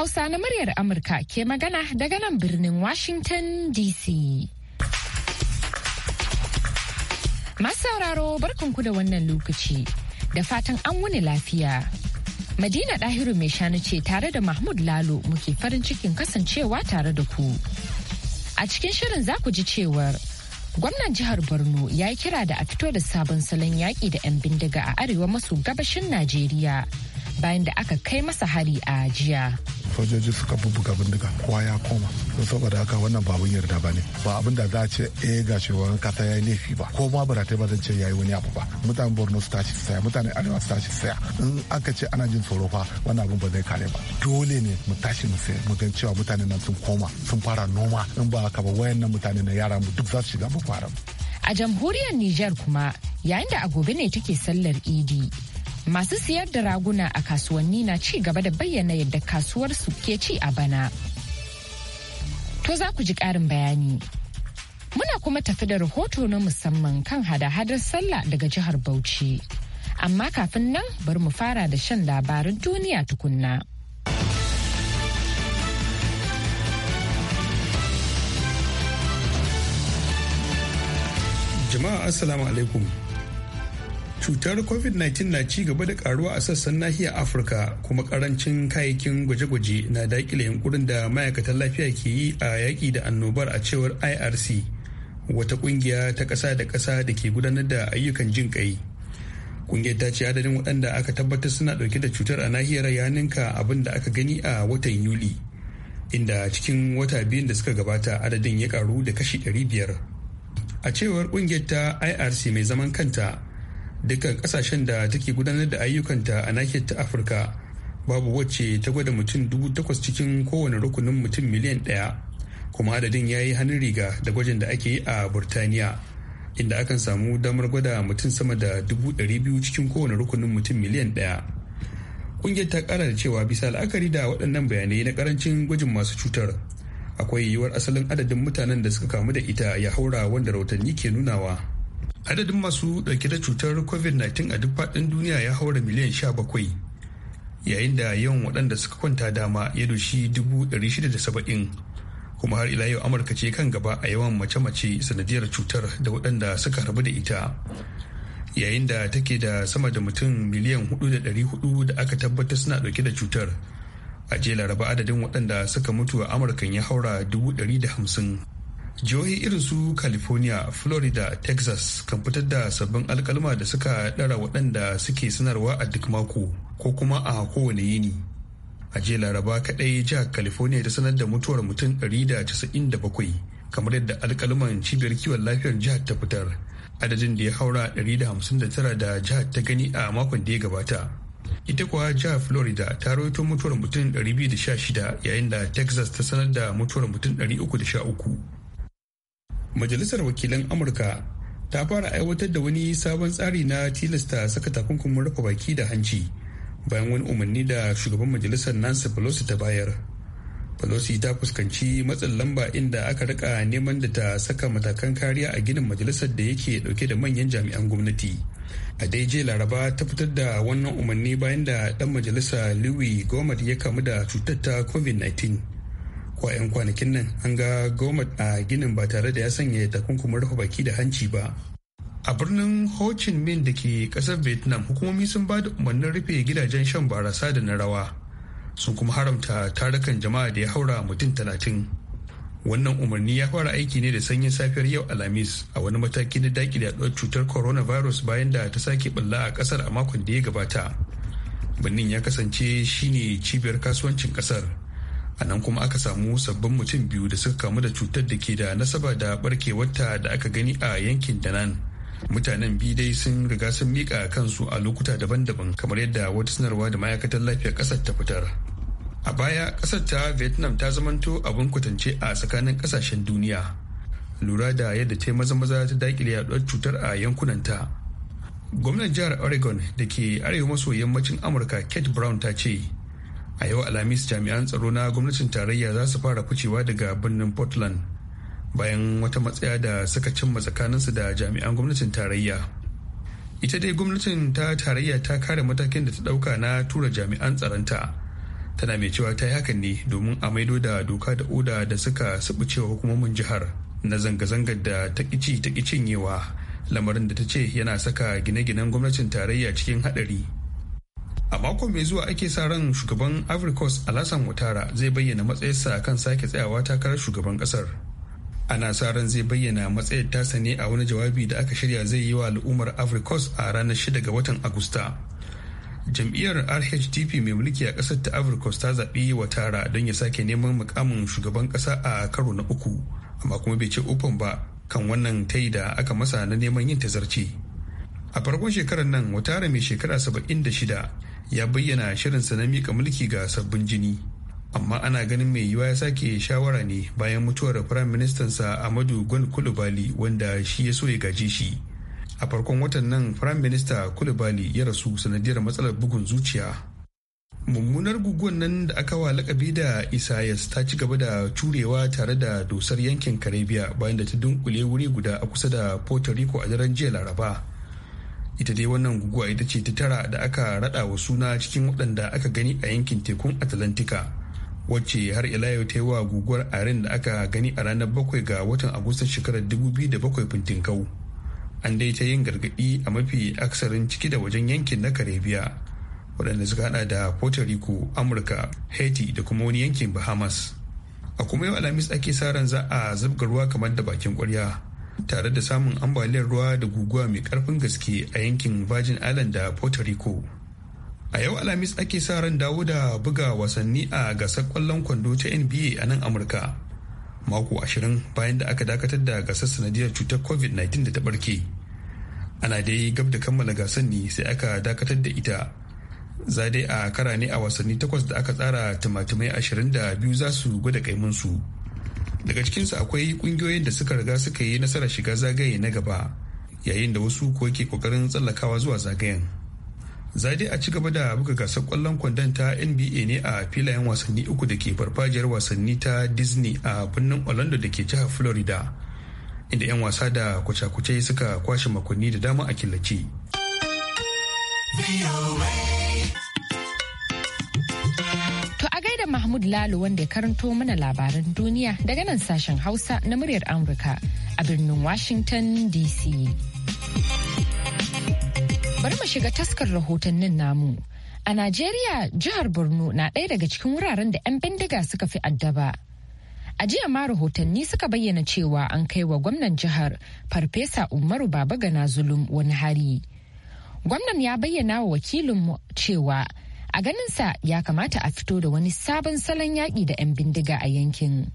Hausa na muryar Amurka ke magana daga nan birnin Washington DC. Masu sauraro barkanku da wannan lokaci da fatan an wuni lafiya. Madina ɗahiru mai shanu ce tare da Mahmud Lalo muke farin cikin kasancewa tare da ku. A cikin shirin za ku ji cewar gwamnan jihar Borno ya yi kira da a fito da sabon salon yaƙi da 'yan bindiga a arewa maso gabashin Najeriya bayan da aka kai masa hari a jiya. sojoji suka bubuga bindiga kowa ya koma don saboda haka wannan ba abin yarda ba ne ba abin da za a ce eh ga shugaban kasa ya yi laifi ba ko ma baratai ba zan ce ya yi wani abu ba mutanen borno su tashi saya mutanen arewa su tashi saya in aka ce ana jin tsoro fa wannan abin ba zai kare ba dole ne mu tashi mu saya mu gan cewa mutanen nan sun koma sun fara noma in ba haka ba wayannan mutane na yara mu duk za su shiga boko fara. a jamhuriyar Nijar kuma yayin da a gobe ne take sallar idi Masu siyar da raguna a kasuwanni na ci gaba da bayyana yadda kasuwar su ke ci a bana. To za ku ji ƙarin bayani. Muna kuma tafi da rahoto na musamman kan hada-hadar sallah daga jihar Bauchi. Amma kafin nan bari mu fara da shan labarin duniya tukunna. Jama'a Assalamu alaikum. cutar covid-19 na ci gaba da karuwa a sassan nahiyar afirka kuma karancin kayayyakin gwaje-gwaje na dakile yunkurin da ma'aikatan lafiya ke yi a yaƙi da annobar a cewar irc wata ƙungiya ta ƙasa da ƙasa da ke gudanar da ayyukan jin ƙai kungiyar ta ce adadin waɗanda aka tabbatar suna ɗauke da cutar a nahiyar ya ninka abin da aka gani a watan yuli inda cikin wata biyun da suka gabata adadin ya karu da kashi 500 a cewar ƙungiyar ta irc mai zaman kanta dukkan kasashen da take gudanar da ayyukanta a nahiyar ta afirka babu wacce ta gwada mutum dubu takwas cikin kowane rukunin mutum miliyan ɗaya kuma adadin ya yi hannun riga da gwajin da ake yi a burtaniya inda akan samu damar gwada mutum sama da dubu ɗari biyu cikin kowane rukunin mutum miliyan ɗaya ƙungiyar ta kara da cewa bisa la'akari da waɗannan bayanai na karancin gwajin masu cutar akwai yiwuwar asalin adadin mutanen da suka kamu da ita ya haura wanda rahotanni ke nunawa Adadin masu ɗauke da cutar COVID-19 a duk faɗin duniya ya haura miliyan 17 yayin da yawan waɗanda suka kwanta dama ya doshi 670 kuma har ila yau Amurka ce kan gaba a yawan mace-mace sanadiyar cutar da waɗanda suka rabu da ita. Yayin da take da sama da mutum miliyan 4,400 da aka tabbatar suna ɗauke da cutar. a jiya laraba adadin waɗanda suka mutu a amurka ya haura dubu ɗari da hamsin jihohi irin su california florida texas kan fitar da sabbin alkalma da suka dara waɗanda suke sanarwa a duk mako ko kuma a kowane yini a jiya laraba kaɗai jihar california ta sanar da mutuwar mutum 197 kamar yadda alkalman cibiyar kiwon lafiyar jihar ta fitar adadin da ya haura 159 da jihar ta gani a makon da ya gabata ita kuwa jihar florida ta rawaito mutuwar mutum 216 yayin da texas ta sanar da mutuwar mutum 313 majalisar wakilan amurka ta fara aiwatar da wani sabon tsari na tilasta saka takunkumin rufe baki da hanci bayan wani umarni da shugaban majalisar nancy pelosi ta bayar pelosi ta fuskanci matsin lamba inda aka rika neman da ta saka matakan kariya a ginin majalisar da yake dauke da manyan jami'an gwamnati a dai daije laraba ta fitar da wannan umarni bayan da dan majalisa louis gomad ya kamu da cutar ta covid-19 ko a 'yan kwanakin nan an ga goma a ginin ba tare da ya sanya takunkumin rufe baki da hanci ba a birnin ho chi minh da ke kasar vietnam hukumomi sun ba da umarnin rufe gidajen shan barasa da na rawa sun kuma haramta tarukan jama'a da ya haura mutum talatin wannan umarni ya fara aiki ne da sanyin safiyar yau alhamis a wani mataki na daki da yaduwar cutar coronavirus bayan da ta sake balla a kasar a makon da ya gabata birnin ya kasance shine cibiyar kasuwancin kasar a nan kuma aka samu sabbin mutum biyu da suka kamu da cutar da ke da nasaba da barkewarta da aka gani a yankin da nan. mutanen biyu dai sun riga sun mika kansu a lokuta daban-daban kamar yadda wata sanarwa da ma'aikatar lafiyar ƙasar ta fitar a baya ƙasar ta vietnam ta zamanto abin kwatance a tsakanin ƙasashen duniya lura da yadda ta maza-maza ta dakile yaɗuwar cutar a yankunan ta. gwamnan jihar oregon da ke arewa maso yammacin amurka kate brown ta ce a yau alhamis jami'an tsaro na gwamnatin tarayya za su fara ficewa daga birnin portland bayan wata matsaya da suka cimma tsakaninsu da jami'an gwamnatin tarayya ita dai gwamnatin ta tarayya ta kare matakin da ta dauka na tura jami'an tsaronta tana mai cewa ta yi hakan ne domin a maido da doka da oda da suka cewa hukumomin jihar na zanga-zangar da ta ƙici ta cinyewa lamarin da ta ce yana saka gine-ginen gwamnatin tarayya cikin haɗari a mako mai zuwa ake sa ran shugaban africos alasan watara zai bayyana matsayarsa kan sake tsayawa takarar shugaban kasar ana sa ran zai bayyana matsayar tasa ne a wani jawabi da aka shirya zai yi wa al'ummar africos a ranar 6 ga watan agusta jam'iyyar rhdp mai mulki a kasar ta africos ta zaɓi watara don ya sake neman mukamin shugaban kasa a karo na uku amma kuma bai ce ofan ba kan wannan tai da aka masa na neman yin tazarci a farkon shekarar nan watara mai shekara shida. ya bayyana shirinsa na mika mulki ga sabbin jini amma ana ganin mai yiwa ya sake shawara ne bayan mutuwar firaministan ministansa amadu gwan kulubali wanda shi ya so ya gaje shi a farkon watan nan firaminista minista kulubali ya rasu sanadiyar matsalar bugun zuciya mummunar guguwan nan da aka wa lakabi da isayas ta ci gaba da curewa tare da dosar yankin karibiya bayan da ta dunkule wuri guda a kusa da puerto rico a daren jiya laraba ita dai wannan guguwa ita ce ta tara da aka rada wa suna cikin waɗanda aka gani a yankin tekun atlantika wacce har ila yau ta yi wa guguwar arin da aka gani a ranar bakwai ga watan agustan shekarar dubu biyu da 2007 fintinkau an dai ta yin gargaɗi a mafi aksarin ciki da wajen yankin na karibiya waɗanda suka hada da puerto rico amurka haiti da kuma wani yankin bahamas a kuma yau alhamis ake sa ran za a zabgarwa kamar da bakin kwarya tare da samun ambaliyar ruwa da guguwa mai karfin gaske a yankin Virgin Island da Puerto Rico. A yau Alhamis ake sa ran dawo da buga wasanni a gasar kwallon kwando ta NBA a nan Amurka. Mako ashirin bayan da aka dakatar da gasar sanadiyar cutar COVID-19 da ta barke. Ana dai gab da kammala gasar ne sai aka dakatar da ita. Za dai a kara ne a wasanni takwas da aka tsara timatimai ashirin da biyu za su gwada kaimunsu. su. daga cikinsu akwai kungiyoyin da suka riga suka yi nasarar shiga zagaye na gaba yayin da wasu ko ke kokarin tsallakawa zuwa zagayen zade a ci gaba da buga gasar kwallon kwandon ta nba ne a filayen wasanni uku da ke farfajiyar wasanni ta disney a birnin orlando da ke jihar florida inda 'yan wasa da kwace-kwace suka kwashe makonni da dama a killace. Mahmud Lalo wanda ya karanto mana labaran duniya daga nan sashen Hausa na muryar Amurka a birnin Washington DC. Bari mu shiga taskar rahotannin namu. A Najeriya, jihar Borno na ɗaya daga cikin wuraren da 'yan bindiga suka fi addaba. A jiya ma rahotanni suka bayyana cewa an kai wa gwamnan jihar Farfesa Umaru Babagana Zulum wani hari. Gwamnan ya bayyana wa wakilinmu cewa a ganinsa ya kamata a fito da wani sabon salon yaƙi da 'yan bindiga a yankin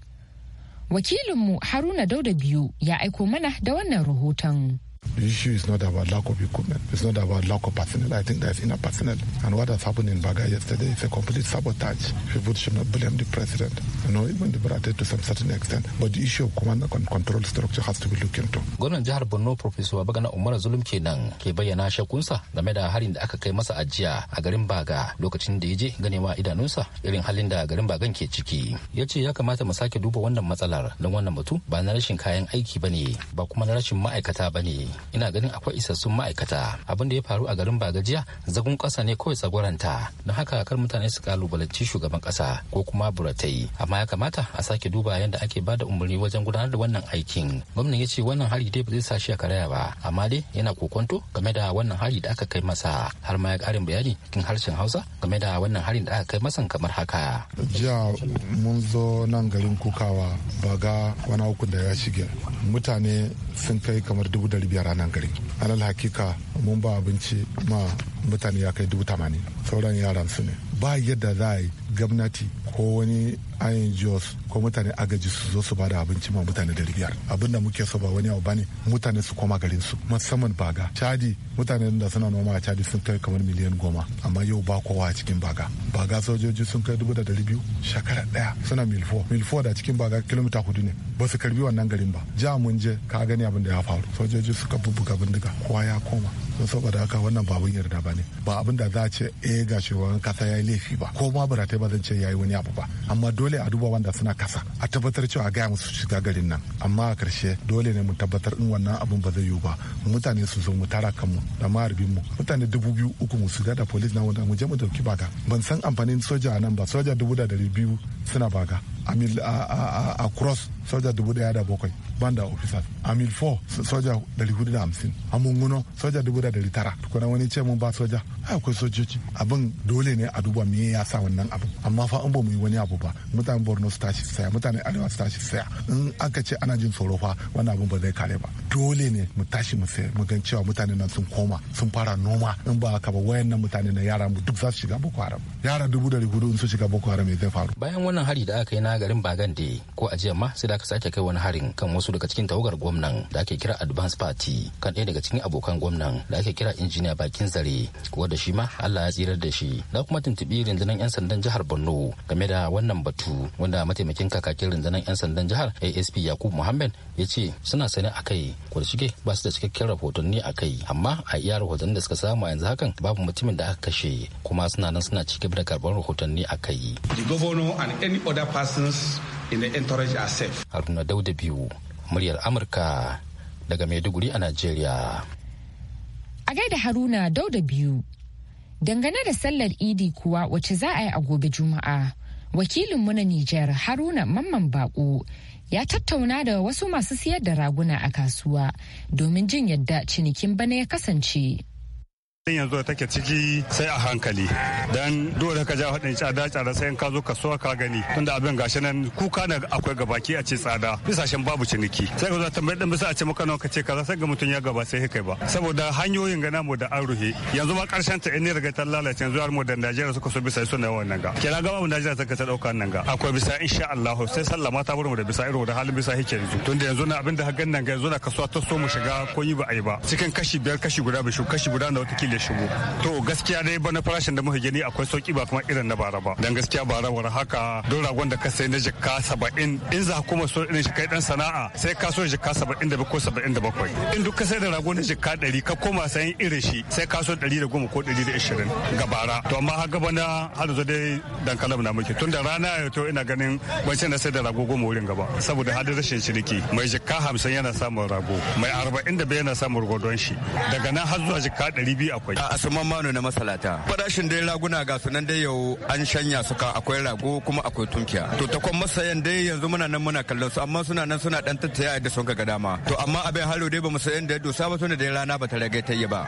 wakilinmu haruna dauda biyu ya aiko mana da wannan rahoton The issue is not about lack of equipment. It's not about lack of personnel. I think that's enough personnel. And what has happened in Baga yesterday is a complete sabotage. People should not blame the president. You know, even the Barate to some certain extent. But the issue of command and control structure has to be looked into. Gwamnan jihar Borno Professor Bagana Umar Zulum kenan ke bayyana shakunsa game da harin da aka kai masa ajiya a garin Baga lokacin da ya je ganewa idanunsa irin halin da garin Bagan ke ciki. Ya ce ya kamata mu sake duba wannan matsalar don wannan mutum. ba na rashin kayan aiki ba ne. ba kuma na rashin ma'aikata ba ne. ina ganin akwai isassun ma'aikata abin da ya faru a garin bagajiya zagun kasa ne kawai tsagoranta don haka kar mutane su kalubalanci shugaban kasa ko kuma buratai amma ya kamata a sake duba yadda ake bada umarni wajen gudanar da wannan aikin gwamnan ya ce wannan hari dai ba zai sa shi a karaya ba amma dai yana kokonto game da wannan hari da aka kai masa har ma ya karin bayani kin harshen hausa game da wannan harin da aka kai masa kamar haka jiya mun zo nan garin kukawa ba ga wani hukun da ya shige mutane sun kai kamar dubu dari biyar ranar gari alal hakika mun ba abinci ma mutane ya kai dubu tamanin sauran yaran su ne ba yadda za a yi gwamnati ko wani jos ko mutane agaji su zo su ba da abinci ma mutane da biyar abin da muke so ba wani abu bane mutane su koma garin su musamman baga chadi mutane da suna noma a chadi sun kai kamar miliyan goma amma yau ba kowa a cikin baga baga sojoji sun kai dubu da dari biyu shekara daya suna milfo milfo da cikin baga kilomita hudu ne ba su karbi wannan garin ba ja mun je ka gani abin da ya faru sojoji suka bubbuga bindiga kowa ya koma saboda haka wannan ba abin yarda ba ne ba abin da za a ce eh ga shugaban kasa ya yi laifi ba ko ma buratai ba zan ce ya yi wani abu ba amma dole a duba wanda suna kasa a tabbatar cewa a gaya musu shiga garin nan amma a karshe dole ne mu tabbatar in wannan abin ba zai yiwu ba mutane su zo mu tara kanmu da maharbin mu mutane dubu biyu uku mu shiga da polis na wanda mu je mu dauki baga ban san amfanin soja nan ba soja dubu da dari biyu suna baga a cross soja dubu daya da bakwai banda officers a mil 4 soja dari hudu da hamsin a munguno soja dubu da dari tara tukuna wani ce mun ba soja akwai sojoji abin dole ne a duba me ya sa wannan abu amma fa an ba mu yi wani abu ba mutanen borno su tashi saya mutanen arewa su tashi saya in aka ce ana jin tsoro fa wannan abin ba zai kare ba dole ne mu tashi mu sayar mu gan cewa mutane nan sun koma sun fara noma in ba haka ba wayan nan mutane na yara mu duk za su shiga boko haram yara dubu dari hudu in su shiga boko haram me zai faru bayan wannan hari da aka yi na garin bagande ko a jiya ma sai da aka sake kai wani harin kan wasu daga cikin tawagar gwamnan da ake kira advance party kan ɗaya daga cikin abokan gwamnan da ake kira injiniya bakin zare kuwa da shi ma allah ya tsirar da shi na kuma tuntuɓi rundunar 'yan sandan jihar borno game da wannan batu wanda mataimakin kakakin rundunar 'yan sandan jihar asp yakub muhammad ya ce suna sane a kai ko da shige ba su da cikakken rahotanni a kai amma a iya rahotanni da suka samu a yanzu hakan babu mutumin da aka kashe kuma suna nan suna ci da karɓar rahotanni a kai. The governor and any other person persons in the entourage are Haruna Dauda biyu, muryar Amurka daga Maiduguri a Najeriya. A gaida Haruna Dauda biyu, dangane da sallar Idi kuwa wacce za a yi a gobe Juma'a, wakilinmu na Nijar Haruna Mamman Bako ya tattauna da wasu masu siyar da raguna a kasuwa domin jin yadda cinikin bana ya kasance. din yanzu da take ciki sai a hankali dan dole ka ja hadin tsada tsada sai ka zo kasuwa ka gani tunda abin gashi nan kuka na akwai gabaki a ce tsada bisashen babu ciniki sai ka zo tambayar din bisa a ce maka nawa ka ce kaza sai ga mutum ya gaba sai kai ba saboda hanyoyin ga namu da an ruhe yanzu ma karshen ta ne daga ta lalace yanzu har mu da Najeriya suka so bisa suna wannan ga kira gaba mu Najeriya suka ta dauka nan ga akwai bisa insha Allah sai sallama ta mu da bisa irin da halin bisa yake yanzu tunda yanzu na abin da hagan nan ga yanzu na kasuwa ta so mu shiga ko yi ba ai ba cikin kashi biyar kashi guda bai kashi guda na wata ya shigo to gaskiya dai bana farashin da muka gani akwai sauki ba kuma irin na bara ba dan gaskiya bara war haka don ragon da ka sai na jikka saba'in in za kuma so irin shi kai dan sana'a sai ka so jikka saba'in da ko saba'in da bakwai in duk ka sai da rago na jikka ɗari ka koma sayan irin shi sai ka so ɗari da goma ko ɗari da ishirin ga bara to amma ha gaba na har zo dai dankalin na muke tun da rana ya to ina ganin wancan na sai da rago goma wurin gaba saboda hadin rashin ciniki mai jikka hamsin yana samun rago mai arba'in da bai yana samun rago don shi daga nan har zuwa jikka ɗari biyu akwai a asuman manu na masalata farashin dai raguna ga sunan dai yau an shanya suka akwai rago kuma akwai tunkiya to takwan masayan dai yanzu muna nan muna kallon su amma suna nan suna dan tattaya da sun ga dama to amma abin halo dai ba mu sayan da dosa ba tunda dai rana ba ta rage tayi ba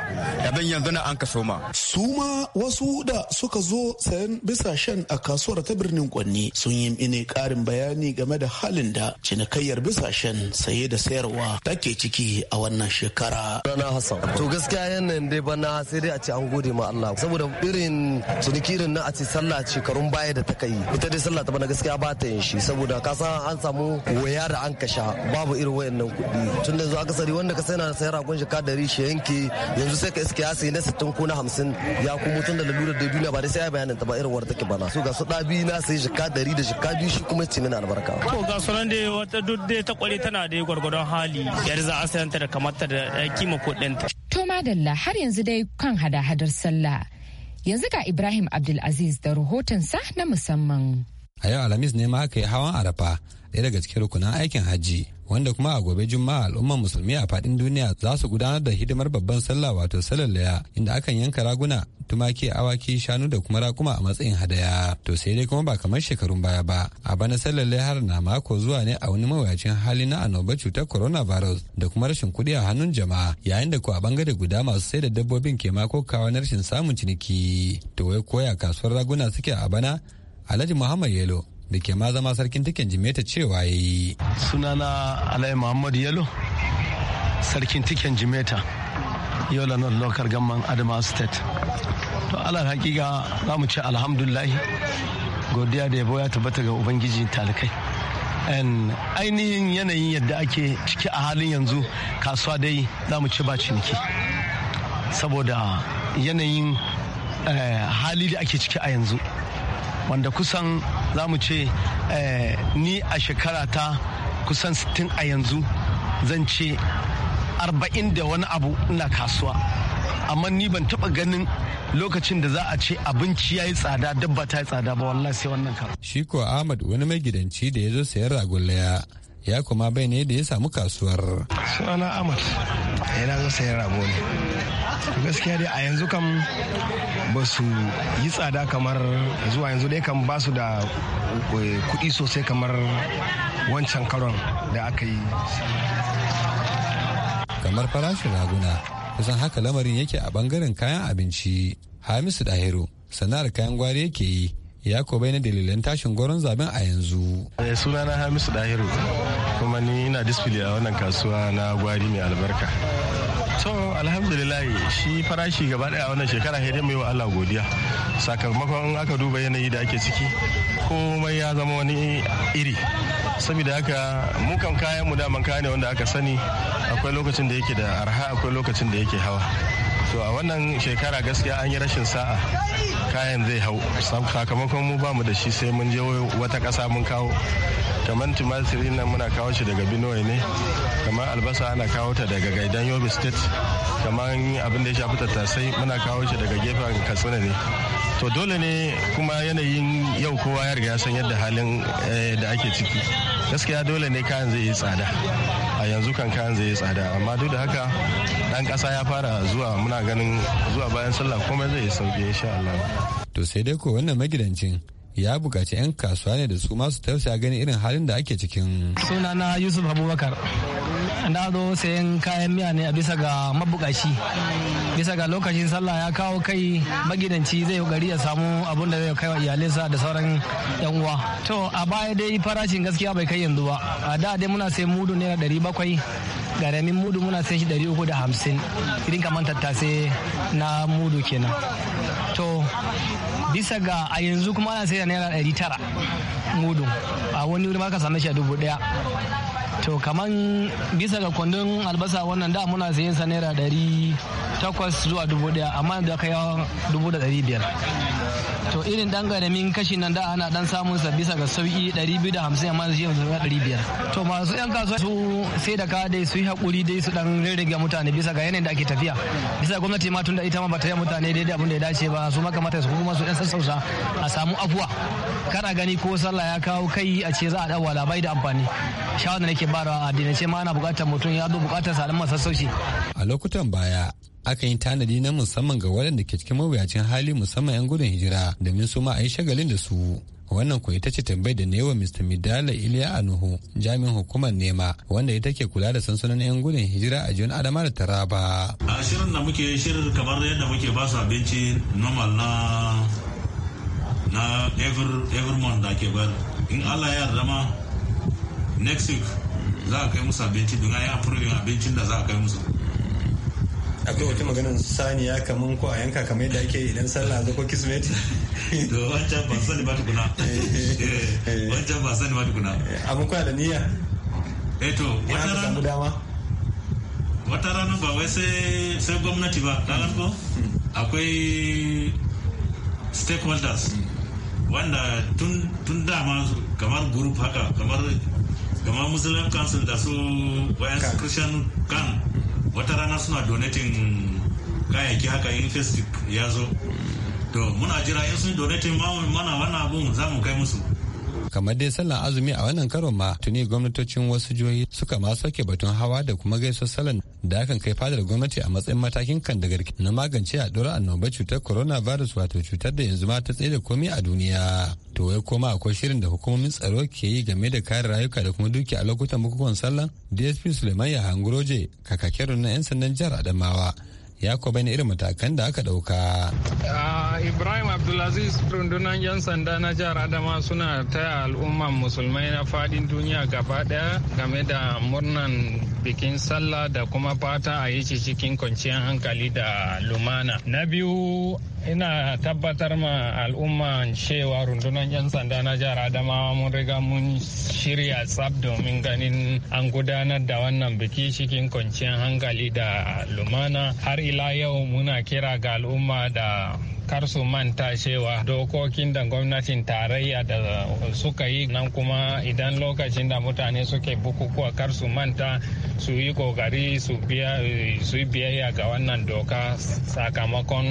abin yanzu na an kaso ma su ma wasu da suka zo sayan bisa shan a kasuwar ta birnin Kwanni sun yi ne karin bayani game da halin da cinikayyar bisa shan saye da sayarwa take ciki a wannan shekara. Rana Hassan. To gaskiya yanayin dai bana sai dai a ce an gode ma Allah saboda irin ciniki irin na a ce sallah shekarun baya da ta kai ita dai sallah ta bana gaskiya ba ta yin shi saboda ka san an samu waya da an kasha babu irin wayannan kuɗi tun da yanzu akasari wanda ka sai na sayar ragon ka dari shi yanke yanzu sai ka iske ya sayi na sittin ko na hamsin ya kuma tun da lalura da duniya ba dai sai ya bayanin ta ba irin war take bana so ga su ɗabi na sayi ka dari da ka biyu shi kuma ci mina albarka. ko ga sunan da wata duk dai ta kwari tana da gwargwadon hali yar za a sayanta da kamata da eh, kima kuɗinta. to madalla har yanzu dai kan hada-hadar sallah. Yanzu ga Ibrahim Abdulaziz da rahotonsa na musamman. A yau Alhamis ne ma aka yi hawan Arafa ɗaya daga cikin rukunan aikin hajji wanda kuma a gobe juma'a al'ummar musulmi a faɗin duniya za su gudanar da hidimar babban sallah wato sallar laya inda akan yanka raguna tumaki awaki shanu da kuma rakuma a matsayin hadaya to sai dai kuma ba kamar shekarun baya ba a bana sallar har na mako zuwa ne a wani mawuyacin hali na annobar cutar coronavirus da kuma rashin kuɗi a hannun jama'a yayin da ko a bangare guda masu sai da dabbobin ke mako kawo na rashin samun ciniki to wai koya kasuwar raguna suke a bana alhaji muhammad yelo da ke ma zama sarkin tikin jimeta cewa ya yi. Sunana Alai Muhammad Yalo, sarkin tikin jimeta, Yola North lokar Gamman Adama State. To alal hakika za mu ce alhamdulahi godiya da yabo ya tabbata ga Ubangiji talikai. ainihin yanayin yadda ake ciki a halin yanzu kasuwa dai za mu ce ba ciniki saboda yanayin eh, hali da ake ciki a yanzu wanda kusan za mu ce eh, ni a shekara ta kusan 60 a yanzu zan ce 40 da wani abu ina kasuwa amma ni ban taba ganin lokacin da za a ce abinci ya yi tsada dabba ta yi tsada ba wallahi sai wannan kawai. Shi ko Ahmad wani magidanci da ya zo sayar ragon ya kuma bai ne da ya samu kasuwar. Suna Ahmad yana eh, zo sayan rago ne. Gaskiya dai a yanzu kam ba su yi tsada kamar zuwa yanzu dai kan ba su da eh, kuɗi sosai kamar wancan karon da aka yi. Kamar farashin raguna kusan haka lamarin yake a bangaren kayan abinci. Hamisu Dahiru sana'ar kayan gwari yake yi ya ko na dalilan tashin gwaron zaben a yanzu. Eh, sunana hamisu dahiru kuma ni ina display a wannan kasuwa na gwari mai albarka to alhamdulillah shi farashi gaba daya wannan shekara sai mai wa Allah godiya sakamakon aka duba yanayi da ake ciki komai ya zama wani iri saboda haka mukan kayan mu daman kaya ne wanda aka sani akwai lokacin da yake da arha akwai lokacin da yake hawa to a wannan shekara gaskiya an yi rashin sa'a kayan zai hau sakamakon mu ba mu da shi sai mun je wata kasa mun kawo kamar tumatiri nan muna kawo shi daga benue ne kamar albasa ana kawo ta daga gaidan yobe state kamar abin da ya shafi tattasai muna kawo shi daga gefen katsina ne to dole ne kuma yanayin yau kowa ya riga san yadda halin eh, da ake ciki gaskiya dole ne kayan zai yi tsada a yanzu kan kayan zai yi tsada amma duk da haka dan kasa ya fara zuwa muna ganin zuwa bayan sallah komai zai yi sauki insha Allah to sai dai ko wannan magidancin ya bukaci 'yan kasuwa ne da su masu tausaya ganin irin halin da ake cikin sunana yusuf abubakar na zo sayan kayan miya ne a bisa ga mabukaci bisa ga lokacin sallah ya kawo kai magidanci zai gari ya samu abun da zai kai wa iyalinsa da sauran yan uwa to a baya dai farashin gaskiya bai kai yanzu ba a da dai muna sayan mudu naira ɗari bakwai garamin mudu muna sayan shi ɗari uku da hamsin irin kamar tattase na mudu kenan to bisa ga a yanzu kuma ana sayan naira ɗari tara mudu a wani wuri ma ka same shi a dubu ɗaya to kaman bisa ga kwandon albasa wannan da muna sayen sa naira ɗari takwas zuwa dubu amma da ka yawa dubu da biyar to irin dan garamin kashi nan da ana dan samun sa bisa ga sauki 250 amma zai yanzu 500 to masu yan kasuwa su sai da ka dai su yi hakuri dai su dan rage mutane bisa ga yanayin da ake tafiya bisa gwamnati ma tun da ita ma bata yi mutane daidai abin da ya dace ba su mata su kuma su yan sassausa a samu afuwa kana gani ko sallah ya kawo kai a ce za a dawo labai da amfani shawara nake bara a addinance ma ana bukatar mutum ya zo bukatar sa dan masa sassauci a lokutan baya akan yi tanadi na musamman ga waɗanda ke cikin mawuyacin hali musamman 'yan gudun hijira domin su ma a yi shagalin da su wannan ko ita ce tambayar da ne wa Mr. Midala Iliya Anuhu jami'in hukumar nema wanda ita ke kula da sansanin 'yan gudun hijira a jiyon Adama da Taraba. A shirin da muke shirin kamar yadda muke ba su abinci normal na na ever month da ke bar in Allah ya rama next week za a kai musu abinci don a yi abincin da za a kai musu. akwai wata maganin saniya kamar ko a yanka kamar yadda ake idan sallah zo ko kismeti to wancan ba sani ba tukuna eh, eh, eh. wancan ba sani ba tukuna abin kwa da niyya eh to wata rana dama wata rana ba wai sai sai gwamnati ba kalan ko hmm. akwai stakeholders hmm. wanda tun tun dama kamar group haka kamar kamar muslim council da su wayan christian kan hmm. wata rana suna donating kayayyaki haka in festive ya zo to muna jira in sun donating mana wannan abun za mu kai musu kamar dai sallan azumi a wannan karon ma tuni gwamnatocin wasu jihohi suka ma soke batun hawa da kuma gaisar sallan da akan kai fadar gwamnati a matsayin matakin kan da na magance a dora annobar cutar coronavirus wato cutar da yanzu ma ta tsaye da komai a duniya to wai koma akwai shirin da hukumomin tsaro ke yi game da kare rayuka da kuma duki a lokutan bukukuwan sallan dsp suleiman ya hanguroje kakakin na 'yan sandan jihar adamawa ya kuwa irin matakan da aka ɗauka. Ah, Ibrahim Abdulaziz rundunar 'yan sanda na jihar Adama suna taya al'umman musulmai na fadin duniya gaba daya game da murnan bikin sallah da kuma fata a yi cikin kwanciyar hankali da lumana. Na biyu ina tabbatar ma al'umma cewa rundunar 'yan sanda na jihar adamawa mun riga mun shirya tsab domin ganin an gudanar da wannan biki cikin kwanciyar hankali da lumana har ila yau muna kira ga al'umma da kar su manta cewa dokokin da gwamnatin tarayya da suka yi nan kuma idan lokacin da mutane suke bukukuwa kar su manta su yi kokari eh, su yi biyayya ga wannan doka sakamakon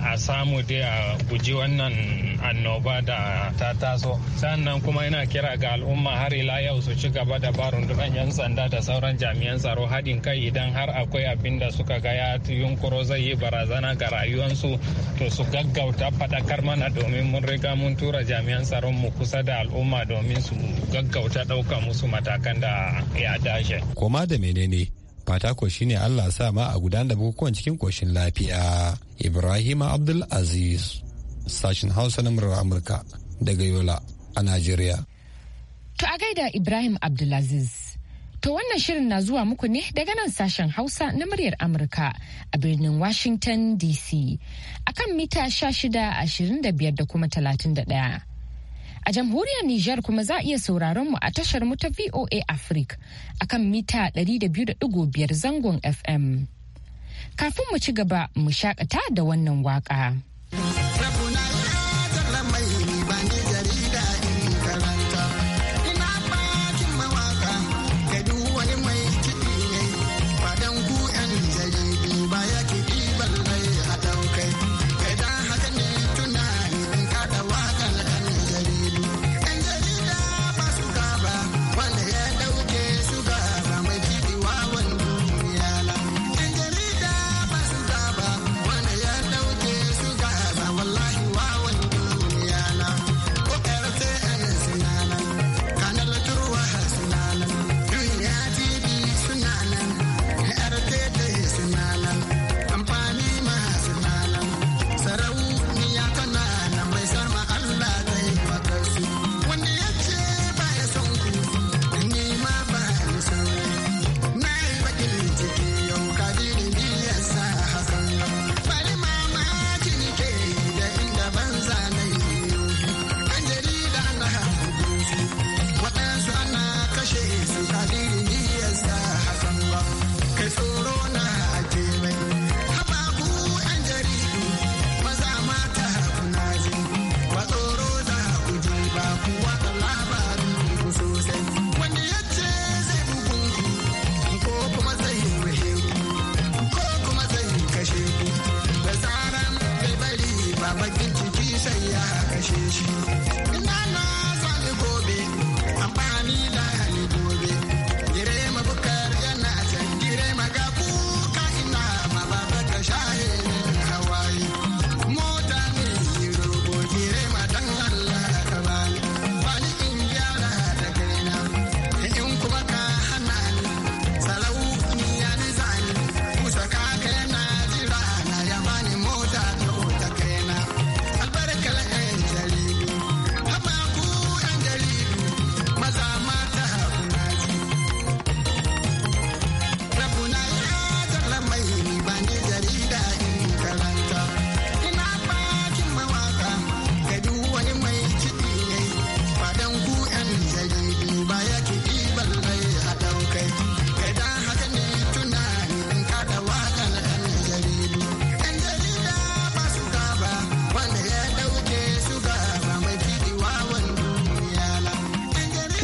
a samu dai a guji wannan annoba da ta taso sannan kuma yana kira ga al'umma har ila yau su ci gaba da ba rundunan 'yan sanda da sauran jami'an tsaro haɗin kai idan har akwai abin da suka ga ya yunkuro zai yi barazana ga rayuwarsu to su gaggauta faɗakar mana domin mun riga mun tura jami'an tsaron mu kusa da al'umma domin su gaggauta ɗauka musu matakan da ya dace. ma da menene fata ko shine Allah sa ma a gudanar da bukukuwan cikin koshin lafiya Ibrahim Abdul Aziz sashin Hausa na murar Amurka daga Yola a Najeriya To a gaida Ibrahim Abdulaziz To wannan shirin na zuwa muku ne daga nan sashen Hausa na muryar Amurka a birnin Washington DC akan mita 25 da kuma 31. A jamhuriyar Nijar kuma za a iya sauraron mu a tashar mu ta VOA Africa akan mita 200.5 zangon FM. Kafin mu ci gaba mu shakata da wannan waka.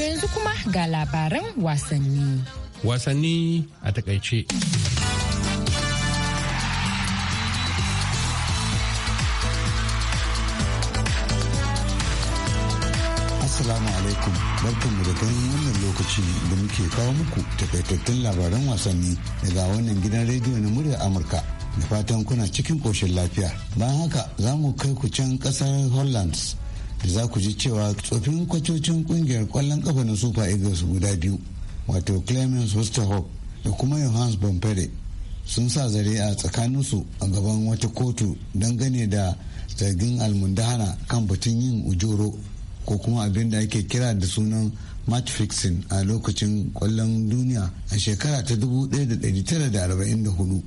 yanzu kuma ga labaran wasanni. Wasanni a takaice. asalamu alaikum barkanmu da ganin wannan lokaci da muke kawo muku takaitattun labaran wasanni daga wannan gidan rediyo na murya Amurka. Da fatan kuna cikin koshin lafiya. Bayan haka za mu kai ku can ƙasar Hollands da za ku ji cewa tsofin kwacocin kungiyar kwallon kafa na super eagles guda biyu wato clemens westerhoff da kuma johannes bonfere sun sa zare a tsakaninsu a gaban wata kotu dangane da zargin almundahana kan batun yin ujoro ko kuma abin da ake kira da sunan match fixing a lokacin kwallon duniya a shekara ta 1944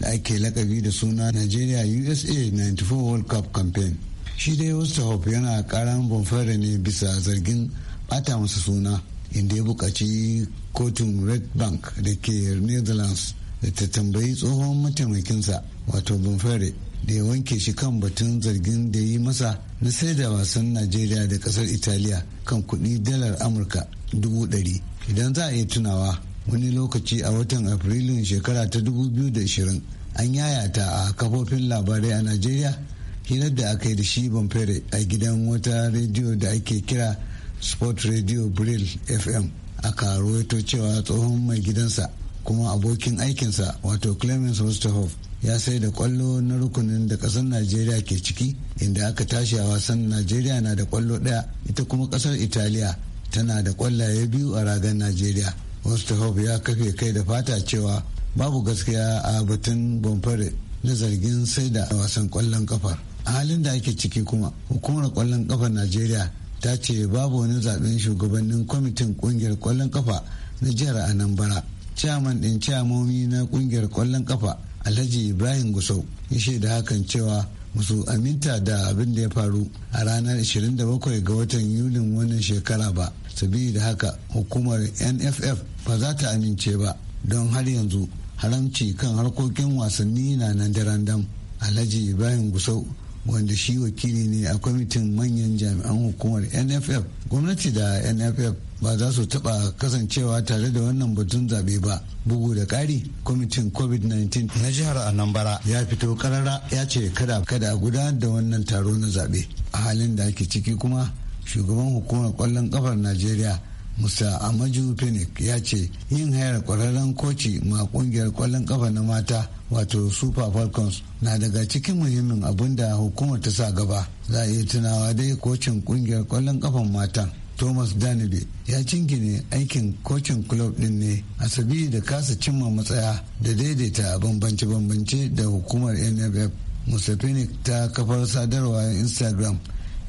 da ake lakabi da suna nigeria usa 94 world cup campaign shi dai hope yana karan bonfere ne bisa zargin bata masa suna inda ya bukaci kotun red bank da ke netherlands da ta tambayi tsohon mataimakinsa wato bonfere da ya wanke shi kan batun zargin da yi masa na da wasan najeriya da kasar italiya kan kudi dalar amurka dubu dari idan za a iya tunawa wani lokaci a watan afrilun shekara ta 2020 an yayata a kafofin labarai a najeriya hirar da aka yi da shi bamfere a gidan wata rediyo da ake kira sport radio brill fm a aka to cewa tsohon mai gidansa kuma abokin aikinsa wato clemens westhoff ya sai da kwallo na rukunin da kasar najeriya ke ciki inda aka tashi a wasan najeriya na da kwallo daya ita kuma kasar italiya tana da kwallaye biyu a ragar najeriya westhoff ya kafe kai da fata cewa babu gaskiya a batun bomfare na zargin sai da wasan kwallon kafar a halin da ake ciki kuma hukumar kwallon kafa najeriya ta ce babu wani zaben shugabannin kwamitin kungiyar kwallon kafa na jihar anambra chairman din ciyamomi na kungiyar kwallon kafa alhaji ibrahim gusau ya shaida hakan cewa musu aminta da abin da ya faru a ranar 27 ga watan yulin wannan shekara ba sabida haka hukumar nff ba za ta amince ba don har yanzu haramci kan harkokin wasanni na nan da randam alhaji ibrahim gusau wanda shi wakili ne a kwamitin manyan jami'an hukumar nff gwamnati da nff ba za su taba kasancewa tare da wannan batun zabe ba bugu da ƙari kwamitin covid-19 na jihar anambra ya fito karara ya ce kada kada gudanar da wannan taro na zabe a halin da ake ciki kuma shugaban hukumar kwallon kafar najeriya musa amaju phoenix ya ce yin hayar kwararren koci ma kungiyar kwallon kafa na mata wato super falcons na daga cikin muhimmin abin da hukumar ta sa gaba za a iya tunawa dai kocin kungiyar kwallon kafan matan thomas danube ya cingine aikin kocin club din ne a sabi da kasa cimma matsaya da daidaita bambance-bambance da hukumar nff musa phoenix ta kafar sadarwa instagram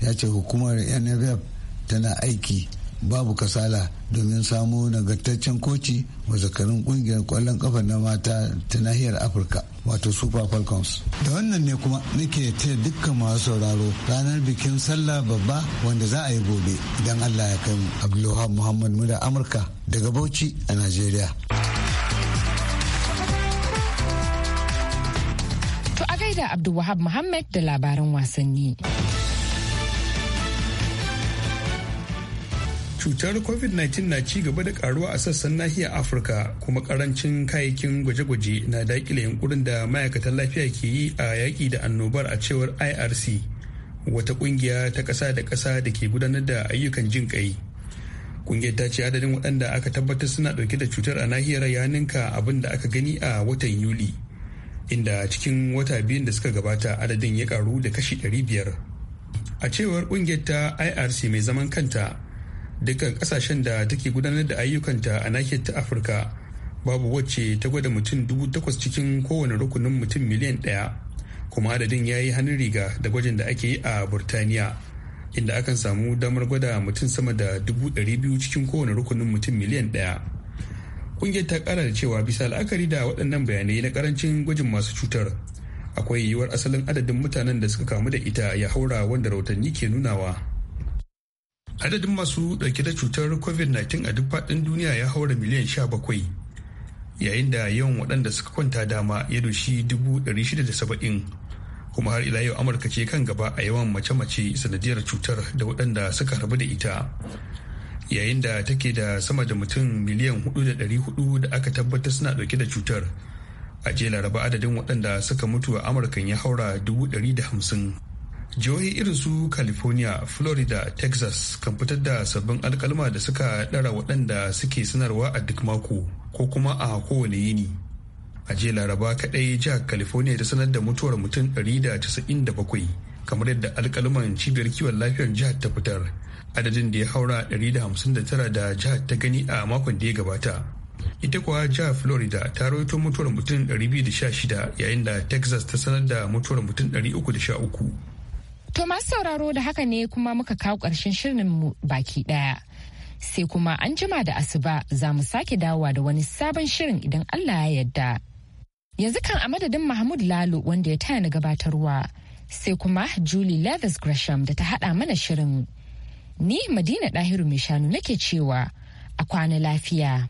ya ce hukumar nff tana aiki babu kasala domin samo nagartaccen koci wa zakarun kungiyar kwallon kafa na mata ta nahiyar afirka wato super falcons da wannan ne kuma nake taya dukkan masu sauraro ranar bikin sallah babba wanda za a yi gobe idan allah ya kai mu muhammad muda amurka daga bauchi a nigeria to a gaida abdulwahab muhammad da labaran wasanni cutar covid-19 na ci gaba da karuwa a sassan nahiyar afirka kuma karancin kayayyakin gwaje-gwaje na dakile yunkurin da ma'aikatan lafiya ke yi a yaƙi da annobar a cewar irc wata ƙungiya ta ƙasa da ƙasa da ke gudanar da ayyukan jin ƙai kungiyar ta ce adadin waɗanda aka tabbatar suna ɗauke da cutar a nahiyar ya ninka abin da aka gani a watan yuli inda cikin wata biyun da suka gabata adadin ya karu da kashi 500 a cewar ƙungiyar ta irc mai zaman kanta dukkan kasashen da take gudanar da ayyukanta a nahiyar ta afirka babu wacce ta gwada mutum dubu takwas cikin kowane rukunin mutum miliyan ɗaya kuma adadin ya yi hannun riga da gwajin da ake yi a burtaniya inda akan samu damar gwada mutum sama da dubu ɗari biyu cikin kowane rukunin mutum miliyan ɗaya ƙungiyar ta kara da cewa bisa la'akari da waɗannan bayanai na karancin gwajin masu cutar akwai yiwuwar asalin adadin mutanen da suka kamu da ita ya haura wanda rahotanni ke nunawa adadin masu dauke da cutar covid-19 a duk faɗin duniya ya haura miliyan 17 yayin da yawan waɗanda suka kwanta dama ya doshi 670 kuma har ila yau amurka ce kan gaba a yawan mace-mace sanadiyar cutar da waɗanda suka rabu da ita yayin da take da sama da mutum miliyan 400 da aka tabbatar suna ɗauke da cutar a jela laraba adadin waɗanda suka mutu a amurkan ya haura 150 jihohi irin su california florida texas kan fitar da sabbin alkalma da suka dara waɗanda suke sanarwa a duk mako ko kuma a kowane yini a jiya laraba kaɗai jihar california ta sanar da mutuwar mutum 197 kamar yadda alkalman cibiyar kiwon lafiyar jihar ta fitar adadin da ya haura 159 da jihar ta gani a makon da ya gabata ita kuwa jihar florida ta rawaito mutuwar mutum 216 yayin da texas ta sanar da mutuwar mutum 313 To masu sauraro da haka ne kuma muka kawo ƙarshen mu baki ɗaya. Sai kuma an jima da asuba za mu sake dawowa da wani sabon shirin idan Allah ya yarda. Yanzu kan a madadin Mahmud Lalo wanda ya taya na gabatarwa. Sai kuma Julie levis Gresham da ta haɗa mana shirin. Ni Madina Ɗahiru mai shanu nake cewa a kwana lafiya.